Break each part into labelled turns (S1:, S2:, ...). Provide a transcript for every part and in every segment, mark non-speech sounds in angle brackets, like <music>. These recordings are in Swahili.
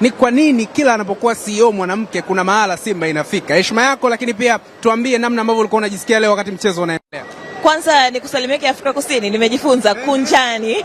S1: Ni kwa nini kila anapokuwa CEO mwanamke kuna mahala Simba inafika? Heshima yako, lakini pia tuambie namna ambavyo ulikuwa unajisikia leo wakati mchezo unaendelea.
S2: Kwanza ni kusalimia Afrika Kusini, nimejifunza eh? kunjani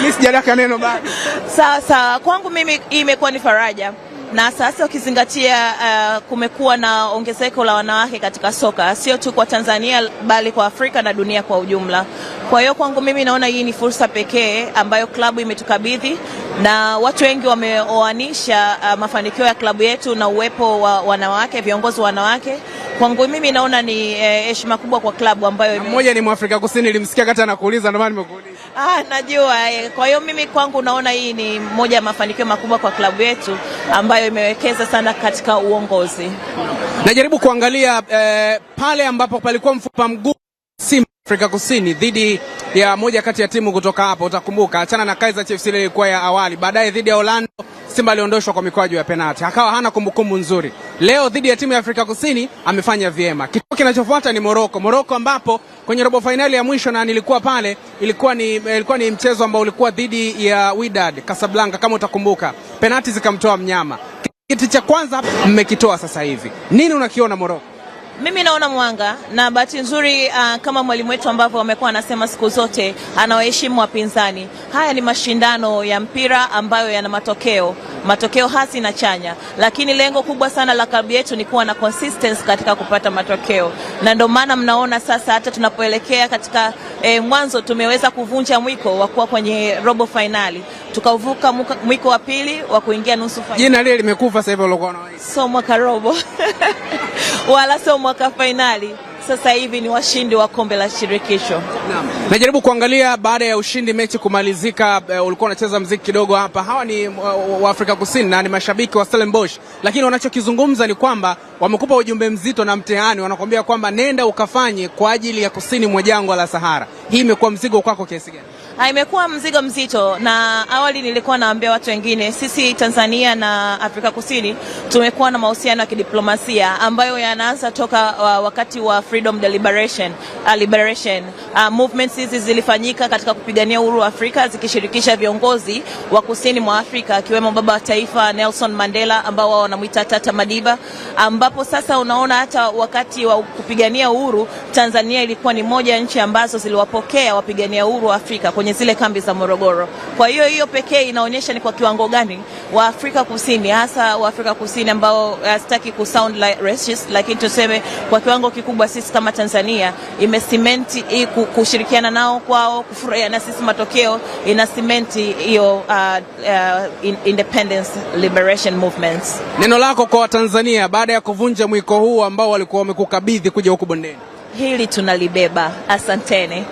S1: mimi <laughs> sijadaka neno bado.
S2: Sawa sawa, kwangu mimi imekuwa ni faraja na sasa ukizingatia uh, kumekuwa na ongezeko la wanawake katika soka sio tu kwa Tanzania bali kwa Afrika na dunia kwa ujumla. Kwa hiyo kwangu mimi naona hii ni fursa pekee ambayo klabu imetukabidhi na watu wengi wameoanisha uh, mafanikio ya klabu yetu na uwepo wa wanawake, viongozi wanawake Kwangu mimi naona ni eh, heshima eh, kubwa kwa klabu ambayo
S1: mmoja ni Mwafrika Kusini, nilimsikia kata anakuuliza, ndio maana nimekuuliza.
S2: Ah, najua eh. Kwa hiyo mimi kwangu naona hii ni moja ya mafanikio makubwa kwa klabu yetu ambayo imewekeza sana katika uongozi.
S1: Najaribu kuangalia eh, pale ambapo palikuwa mfupa mgumu Simba Afrika Kusini dhidi ya moja kati ya timu kutoka hapa, utakumbuka, achana na Kaizer Chiefs ile ilikuwa ya awali, baadaye dhidi ya Orlando Simba aliondoshwa kwa mikwaju ya penati, akawa hana kumbukumbu nzuri. Leo dhidi ya timu ya Afrika Kusini amefanya vyema. Kituo kinachofuata ni Moroko, Moroko ambapo kwenye robo fainali ya mwisho na nilikuwa pale, ilikuwa ni, ilikuwa ni mchezo ambao ulikuwa dhidi ya Wydad Casablanca kama utakumbuka, penati zikamtoa mnyama. Kiti cha kwanza mmekitoa sasa hivi, nini unakiona Moroko?
S2: Mimi naona mwanga na bahati nzuri uh, kama mwalimu wetu ambavyo amekuwa anasema siku zote, anawaheshimu wapinzani. Haya ni mashindano ya mpira ambayo yana matokeo matokeo hasi na chanya, lakini lengo kubwa sana la klabu yetu ni kuwa na consistency katika kupata matokeo, na ndio maana mnaona sasa hata tunapoelekea katika eh, mwanzo tumeweza kuvunja mwiko wa kuwa kwenye robo fainali, tukavuka mwiko wa pili wa kuingia nusu
S1: fainali. Jina lile limekufa sasa hivi, ulikuwa
S2: so mwaka robo <laughs> wala sio mwaka fainali. Sasa hivi ni washindi wa kombe la shirikisho.
S1: Najaribu kuangalia baada ya ushindi mechi kumalizika, uh, ulikuwa unacheza mziki kidogo hapa. Hawa ni uh, wa Afrika Kusini na ni mashabiki wa Stellenbosch, lakini wanachokizungumza ni kwamba wamekupa ujumbe mzito na mtihani. Wanakuambia kwamba nenda ukafanye kwa ajili ya kusini mwa jangwa la Sahara. Hii imekuwa mzigo kwako kiasi gani?
S2: Ah, imekuwa mzigo mzito, na awali nilikuwa naambia watu wengine, sisi Tanzania na Afrika Kusini tumekuwa na mahusiano ya kidiplomasia ambayo yanaanza toka wakati wa freedom deliberation, uh, liberation. Uh, movements hizi zilifanyika katika kupigania uhuru wa Afrika zikishirikisha viongozi wa kusini mwa Afrika akiwemo baba wa taifa Nelson Mandela ambao wao wanamuita Tata Madiba, ambapo sasa unaona hata wakati wa kupigania uhuru Tanzania ilikuwa ni moja ya nchi ambazo ziliwapokea wapigania uhuru wa Afrika kwenye zile kambi za Morogoro. Kwa hiyo hiyo pekee inaonyesha ni kwa kiwango gani Waafrika Kusini, hasa Waafrika Kusini ambao uh, sitaki kusound like racist, lakini tuseme kwa kiwango kikubwa sisi kama Tanzania imesimenti kushirikiana nao kwao, kufurahia na sisi matokeo, ina simenti hiyo uh, uh, independence liberation movements.
S1: Neno lako kwa Watanzania baada ya kuvunja mwiko huu ambao walikuwa wamekukabidhi kuja huku bondeni?
S2: Hili tunalibeba. Asanteni.